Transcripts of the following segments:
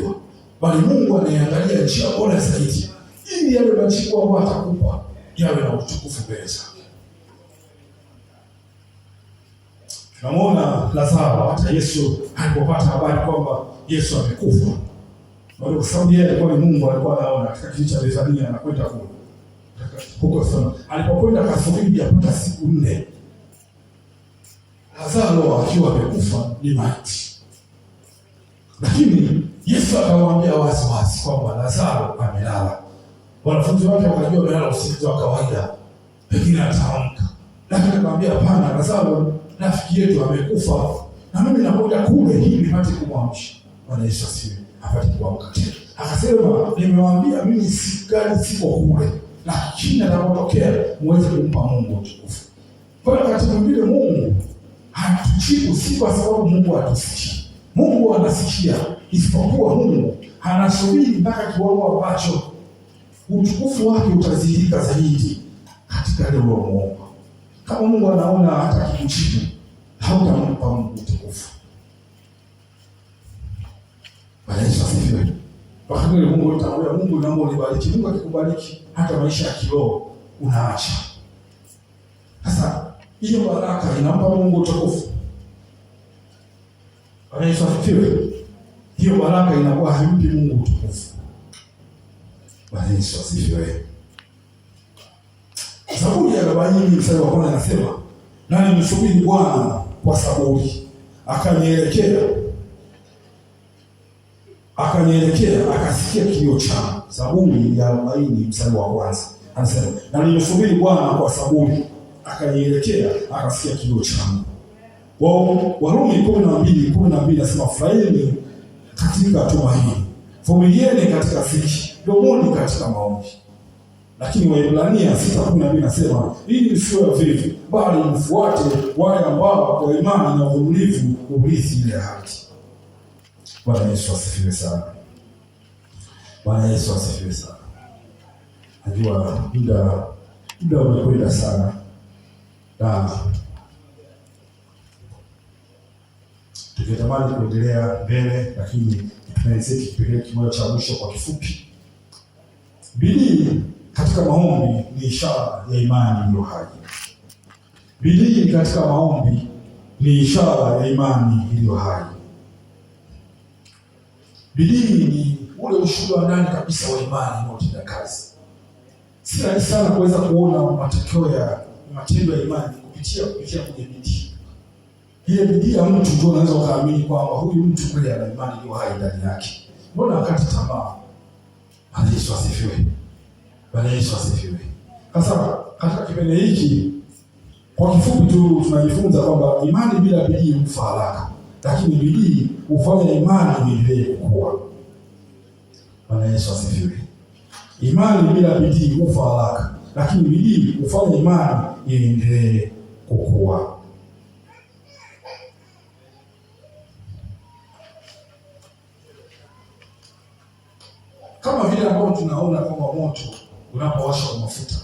unatakiwa, bali Mungu anayeangalia njia bora zaidi, ili yawe majibu ambayo atakupa yawe na utukufu mbele zake. Tunamwona Lazaro, hata Yesu alipopata habari kwamba Yesu amekufa, bali kwa sababu yeye alikuwa ni Mungu, alikuwa anaona. Katika kijiji cha Bethania anakwenda kule huko sana, alipokwenda kasubiri apata siku nne, Lazaro akiwa amekufa ni maiti, lakini Yesu akamwambia wazi wazi kwamba Lazaro amelala. Wanafunzi wake wakajua amelala usingizi wa kawaida, pengine ataamka. Lakini akamwambia hapana, Lazaro rafiki yetu amekufa, na mimi nakwenda kule ili nipate kumwamsha. Bwana Yesu asiwe apate kuamka tena. Akasema, nimewaambia mimi sikali, siko kule, lakini atakapotokea muweze kumpa Mungu utukufu. Kwa hiyo katika mwingine Mungu hatuchiku, si kwa sababu Mungu atusikia, Mungu anasikia isipokuwa Mungu anasubiri mpaka kiwango ambacho utukufu wake utazidika zaidi katika leo Mungu. Kama Mungu anaona hata kikujibu, hautampa Mungu utukufu. Bwana Yesu asifiwe. Wakati ule Mungu Mungu naomba unibariki. Mungu akikubariki hata maisha ya kiroho unaacha. Sasa hiyo baraka inampa Mungu utukufu. Bwana Yesu asifiwe hiyo baraka inakuwa haimpi Mungu utukufu. Bwana Yesu asifiwe. Zaburi ya arobaini mstari wa kwanza anasema nani msubiri Bwana kwa saburi, akanielekea akanielekea akasikia kilio changu. Zaburi ya arobaini mstari wa kwanza anasema nani, msubiri Bwana kwa saburi, akanielekea akasikia kilio changu. Warumi kumi na mbili kumi na mbili anasema furahini katika tuma hili, vumilieni katika dhiki, dumuni katika maombi. Lakini Waebrania 6:12 nasema ili msiwe vivi, bali mfuate wale ambao kwa imani na uvumilivu urithi ile haki. Bwana Yesu asifiwe sana. Bwana Yesu asifiwe sana. Najua muda muda umekwenda sana na tungetamani kuendelea mbele, lakini tunaezeki kipengele kimoja cha mwisho kwa kifupi. Bidii katika maombi ni ishara ya imani iliyo hai. Bidii katika maombi ni ishara ya imani iliyo hai. Bidii ni ule ushuhuda wa ndani kabisa wa imani inayotenda kazi. Si rahisi sana kuweza kuona matokeo ya matendo ya imani kupitia kupitia kwenye bidii ile bidii ya mtu ndio unaweza ukaamini kwamba huyu mtu kweli ana imani iliyo hai ndani yake. Mbona wakati tamaa? Bwana Yesu asifiwe. Bwana Yesu asifiwe. Sasa katika kipindi hiki kwa kifupi tu tunajifunza kwamba imani bila bidii hufa haraka, lakini bidii hufanya imani iendelee kukua. Bwana Yesu asifiwe. Imani bila bidii hufa haraka, lakini bidii hufanya imani iendelee kukua. unaona kwamba moto unapowashwa kwa mafuta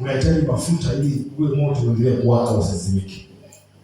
unahitaji mafuta ili uwe moto uendelee kuwaka usizimike.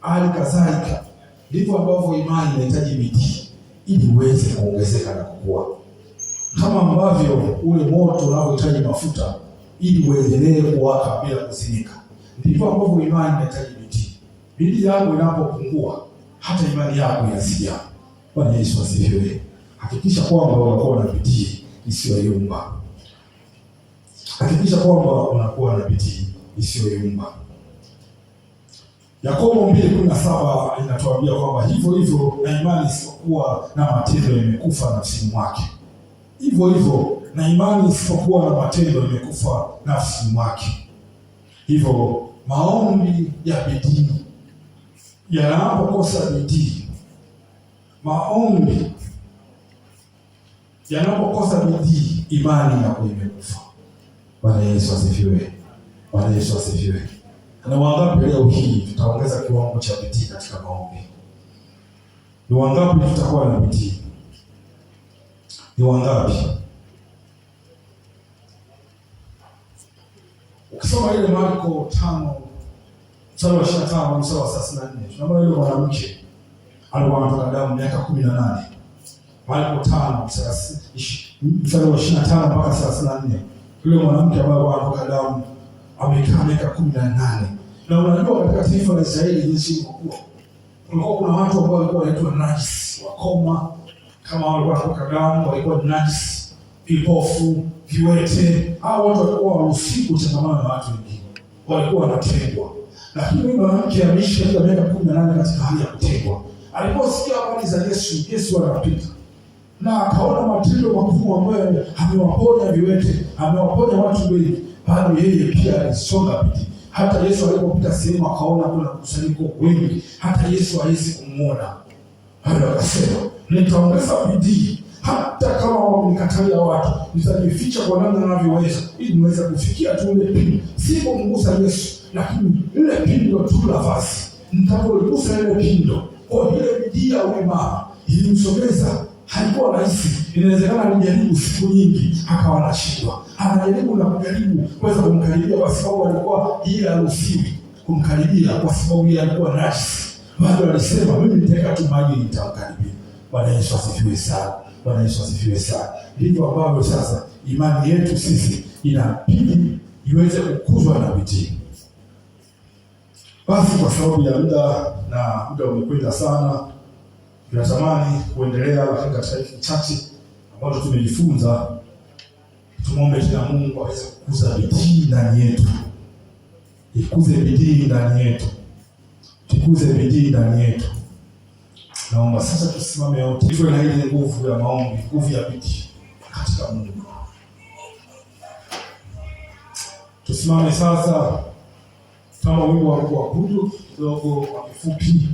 Hali kadhalika ndivyo ambavyo imani inahitaji bidii ili uweze kuongezeka na kukua, kama ambavyo ule moto unavyohitaji mafuta ili uendelee kuwaka bila kuzimika, ndivyo ambavyo imani inahitaji bidii. Bidii yako inapopungua, hata imani yako inasikia. Bwana Yesu asifiwe. Hakikisha kwamba unakuwa na bidii isiyoyumba hakikisha kwamba unakuwa na bidii isiyoyumba. Yakobo mbili kumi na saba inatuambia kwamba hivyo hivyo na imani isipokuwa na matendo imekufa nafsini mwake. Hivyo hivyo na imani isipokuwa na matendo imekufa nafsini mwake. Hivyo maombi ya bidii yanapokosa bidii, maombi yanapokosa bidii, imani inakuwa imekufa. Bwana Yesu asifiwe. Bwana Yesu asifiwe. Na wangapi leo hii tutaongeza kiwango cha bidii katika maombi? Ni wangapi tutakuwa na bidii? Ni wangapi? Ukisoma ile Marko tano mstari wa ishirini na tano mstari wa thelathini na nne tunaona yule mwanamke alikuwa anatoka damu miaka kumi na nane Marko tano mstari wa ishirini na tano mpaka thelathini na nne yule mwanamke ambaye wanamwaga damu amekaa miaka kumi na nane na unajua katika taifa la Israeli jinsi ilivyokuwa, kulikuwa kuna watu ambao walikuwa wanaitwa najis, wakoma, kama walikuwa wanatoka damu, walikuwa najis, vipofu, viwete. Hao watu walikuwa waruhusiwi kutangamana na watu wengine, walikuwa wanatengwa. Lakini huyu mwanamke ameishi katika miaka kumi na nane katika hali ya kutengwa. Aliposikia habari za Yesu, Yesu anapita na akaona matendo makubwa ambayo amewaponya viwete, amewaponya watu wengi, bado yeye pia alisonga bidii. Hata Yesu alipopita sehemu akaona kuna mkusanyiko wengi, hata Yesu hawezi kumwona, bado akasema nitaongeza bidii, hata kama wamenikatalia watu, nitajificha kwa namna navyoweza, ili niweze kufikia tu ile pini. Sipomgusa Yesu, lakini ile pindo tu nafasi, nitapogusa ile pindo kwa ile bidii ya ule mama ilimsogeza haikuwa rahisi. Inawezekana alijaribu siku nyingi akawa anashindwa, anajaribu na kujaribu kuweza kumkaribia, kwa sababu alikuwa ile haruhusiwi kumkaribia, kwa sababu yeye alikuwa rahisi. Bado alisema mimi nitaweka tu maji nitamkaribia. Bwana Yesu asifiwe sana. Bwana Yesu asifiwe sana. Ndivyo ambavyo sasa imani yetu sisi inabidi iweze kukuzwa na bidii. Basi kwa sababu ya muda na muda umekwenda sana Ninatamani kuendelea katika saifu chache ambazo tumejifunza, tumombe tena Mungu aweze kukuza bidii ndani yetu, ikuze bidii ndani yetu, tukuze bidii ndani yetu. Naomba sasa tusimame wote, tuwe na ile nguvu ya maombi, nguvu ya bidii katika Mungu. Tusimame sasa, kama wimbo wa kuabudu kidogo kwa kifupi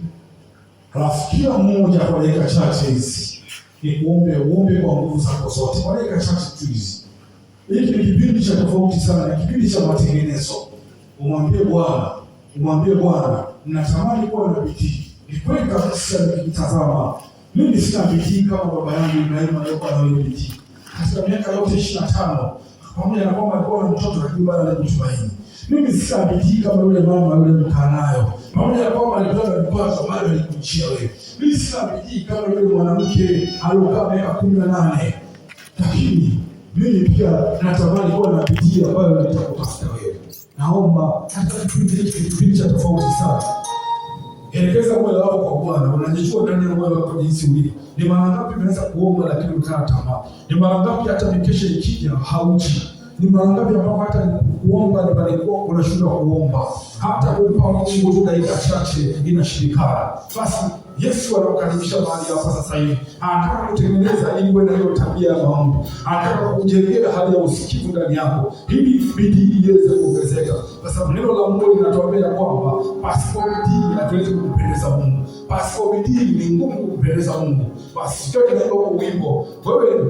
rafikia mmoja kwa dakika chache hizi ni kuombe uombe kwa nguvu zako zote, kwa dakika chache tu hizi. Hiki ni kipindi cha tofauti sana, ni kipindi cha matengenezo. Umwambie Bwana, umwambie Bwana, natamani kuwa na bidii. Ni kweli kabisa, nikitazama mimi sina bidii kama baba yangu Ibrahimu aliyokuwa hiyo bidii katika miaka yote ishirini na tano pamoja na kwamba alikuwa na mtoto lakini bado alikutumaini. Mimi sina bidii kama yule mama yule mkanayo pamoja na kwamba alipata vipato bado alikuchia wewe. Mimi sina bidii kama yule mwanamke aliokaa miaka kumi na nane, lakini mimi pia natamani kuwa na bidii ambayo nitakutafuta wewe. Naomba hata kipindi hiki kipindi cha tofauti sana, elekeza moyo wako kwa Bwana. Unajijua ndani ya moyo wako jinsi ulivyo. Ni mara ngapi unaweza kuomba lakini ukaa tamaa? Ni mara ngapi hata mikesha ikija hauji? Ni mara ngapi ambapo hata kuomba ni barikuwa unashindwa kuomba? hata kumpa Mungu tu dakika chache inashirikana. Basi Yesu anakukaribisha mahali hapa sasa hivi, anataka kutengeneza ili uwe na hiyo tabia ya maombi, anataka kujengea hali ya usikivu ndani yako ili bidii iweze kuongezeka, kwa sababu neno la Mungu linatuambia kwamba pasipo bidii hatuwezi kumpendeza Mungu. Pasipo bidii ni ngumu kumpendeza Mungu. Basi chote naomba kwa wimbo, wewe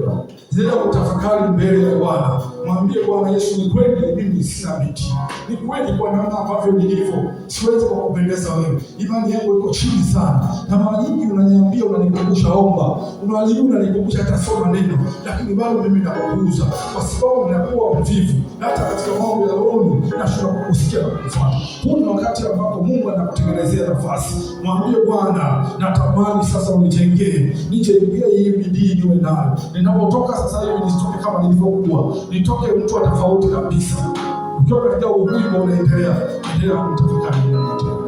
nenda kutafakari mbele ya Bwana, mwambie Bwana Yesu, ni kweli mimi sina bidii, ni kweli kwa namna ambavyo nilivyo siwezi kukupendeza wewe, imani yangu iko chini sana, na mara nyingi unaniambia, unanikumbusha omba, unajaribu unanikumbusha hata soma neno, lakini bado mimi nakuuza kwa sababu ninakuwa mvivu na hata katika mambo ya roho nashindwa kusikia na kufanya. Huu ni wakati ambapo Mungu anakutengenezea nafasi. Mwambie Bwana, natamani sasa unijengee, nijengee hii bidii niwe nayo. Ninapotoka sasa hivi nisitoke kama nilivyokuwa, nitoke mtu wa tofauti kabisa. Ukiwa katika uhuru unaendelea endelea kumtafakari tena.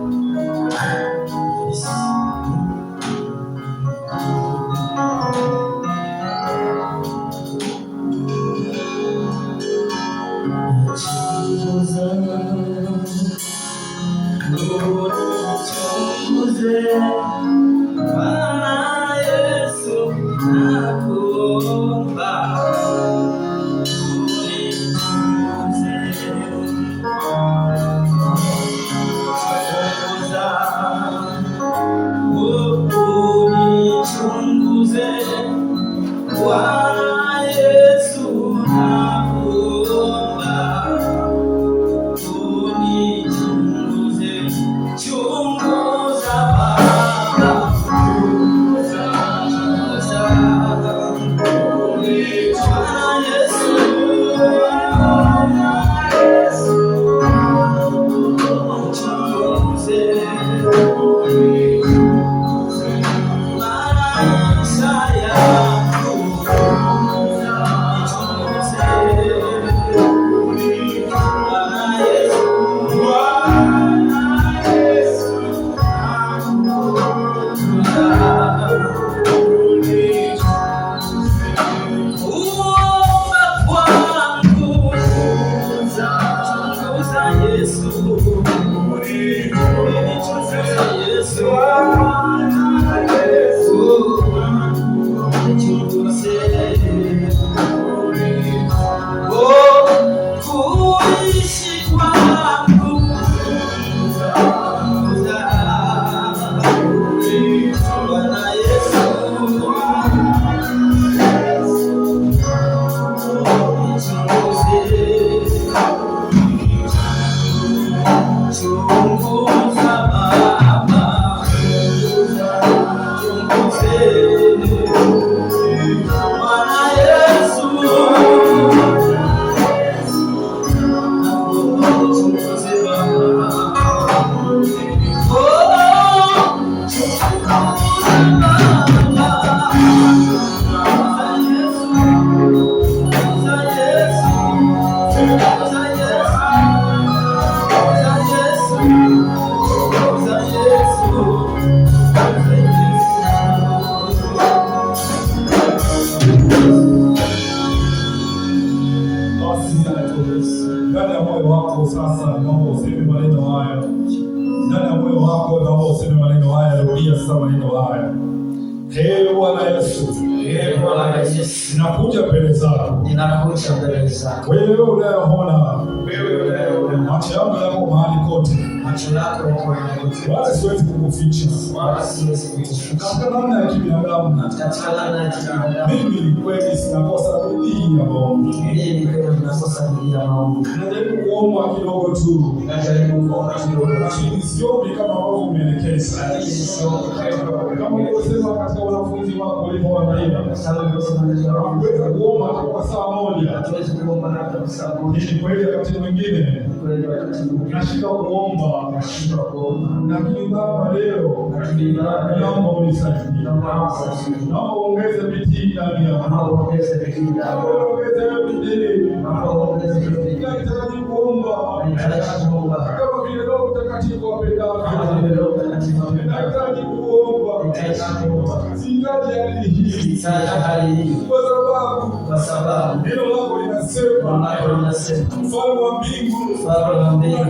kuangusha mbele zako. Wewe unayeona, wewe unayeona, macho yako yako mahali kote, macho yako wala siwezi kukuficha katika namna ya kibinadamu. Mimi ni kweli sinakosa bidii ya maombi, najaribu kuomba kidogo tu, lakini siombi kama ambavyo umeelekeza, kama ulivyosema katika wanafunzi wako walivyowaambia, hakuweza kuomba kwa saa moja. Ni kweli wakati mwingine Tunashindwa kuomba, tunashindwa kuomba. Lakini Baba, leo naomba unisaidie, naomba uongeze bidii ndani yangu, naomba uongeze bidii ndani yangu, uongeze bidii. Nahitaji kuomba, nahitaji kuomba kama vile Roho Mtakatifu apendavyo, kama vile Roho Mtakatifu apendavyo. Nahitaji kuomba, nahitaji kuomba. Sihitaji hali hii, sihitaji hali hii, kwa sababu kwa sababu neno anasema mfalme wa mbingu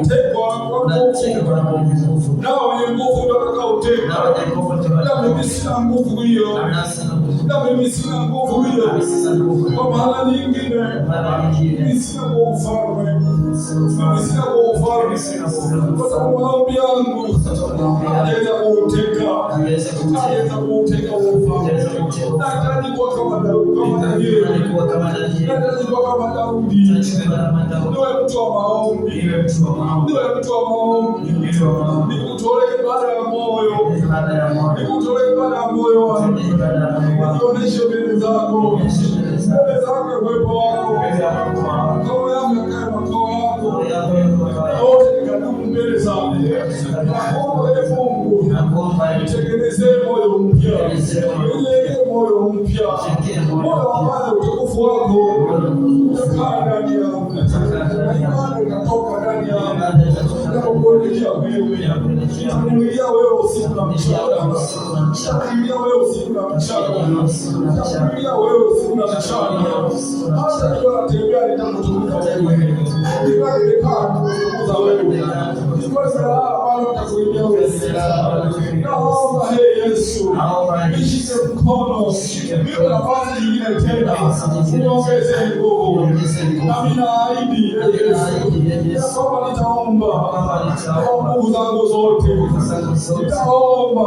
unatekwa kwa nguvu, nao wenye nguvu utakaoteka. Na mimi sina nguvu hiyo, na mimi sina nguvu hiyo, kwa maana nyingine mimi sina kwa ufalme sina kwa wote nikadumu mbele moyo mpya, nijengee moyo mpya, moyo ambao utukufu wako utakaa ndani yangu, imani ikatoka ndani yangu atakapokuonyesha wewe atakuingia wewe usiku na mchana, atakuingia wewe usiku na mchana, atakuingia wewe usiku na mchana. Hata kiwa natembea nitakutukuza wewe, kiwa nimekaa nitakutukuza wewe, kwa silaha ambayo utakuingia wewe. Naomba heri yetu ishi ze mkono Biblia nafasi nyingine tena uniongeze nguvu, nami naahidi ya kwamba nitaomba kwa nguvu zangu zote, nitaomba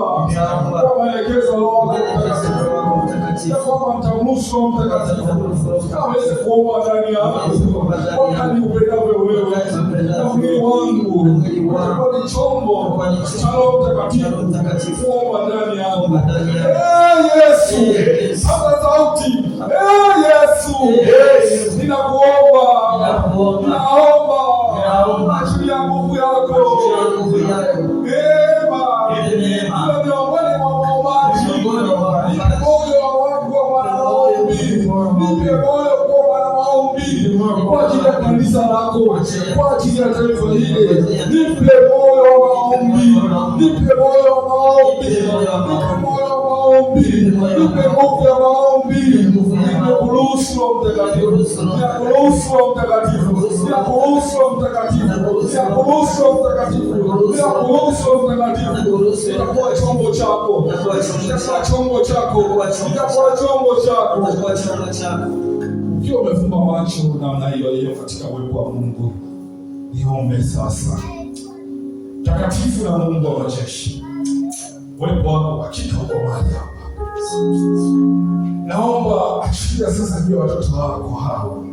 kwa maelekezo ya Roho Mtakatifu ya kwamba nitamruhusu Mtakatifu aweze kuomba ndani yangu wakati upendavyo wewe na mwili wangu utakuwa ni chombo cha Roho Mtakatifu ndani yako. Eh, Yesu Ninakuruhusu mtakatifu, ninakuruhusu mtakatifu, ninakuruhusu mtakatifu, Ukiwa umefumba macho na unaiyo hiyo katika uwepo wa Mungu, niombe sasa. Mtakatifu na Mungu wa majeshi, uwepo wako hakika uko mahali hapa. Naomba achukia sasa juu watoto wako hao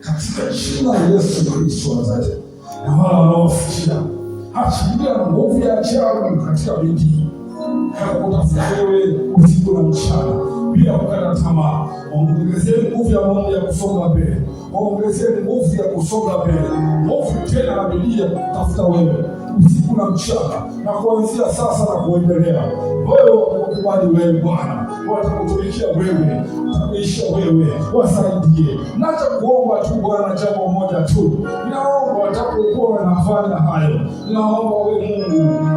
katika jina la Yesu Kristo wa Nazareti, na wale wanaofikia achilia na nguvu ya ajabu katika binti yakutafuta wewe usiku na mchana bila kukata tamaa. Waongezee nguvu ya Mungu ya kusonga mbele, waongezee nguvu ya kusonga mbele, nguvu tena na bidii ya kutafuta wewe usiku na mchana, na kuanzia sasa na kuendelea. Wewe watakubali wewe Bwana, watakutumikia wewe, kuisha wewe, wasaidie. Nacha kuomba tu Bwana jambo moja tu, naomba watakapokuwa wanafanya hayo, naomba we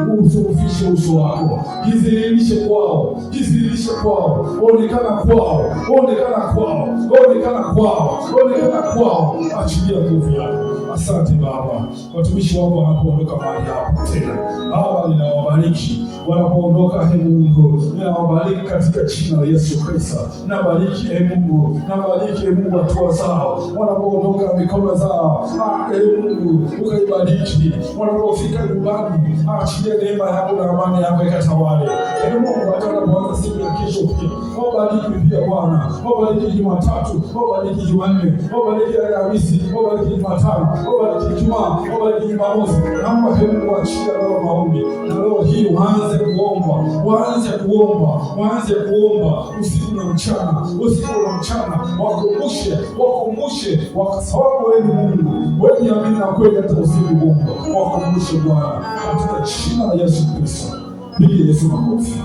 Mungu usurufishe uso wako, jidhihirishe kwao, jidhihirishe kwao, onekana kwao, onekana kwao, onekana kwao, onekana kwao, achilia nguvu yako. Asante Baba, watumishi wako wanapoondoka mahali hapa tena, Baba ninawabariki wanapoondoka, he Mungu ninawabariki katika jina la Yesu Kristo. Nabariki he Mungu, nabariki he Mungu hatua zao wanapoondoka, mikono zao, ah, he Mungu mbingu ukaibariki. Wanapofika nyumbani, achilie neema yako na amani yako ikatawale. Ee Mungu, hata wanapoanza siku ya kesho pia wabariki, pia Bwana wabariki Jumatatu, wabariki Jumanne, wabariki Alhamisi, wabariki Jumatano, wabariki Ijumaa, wabariki Jumamosi. Naomba ee Mungu achilie leo maombi, na leo hii waanze kuomba, waanze kuomba, waanze kuomba usiku na mchana, usiku na mchana, wakumbushe, wakumbushe, kwa sababu wewe Mungu wewe ni amina kweli hata usili Mungu wakumbushe Bwana katika jina la Yesu Kristo. Piga Yesu makofi.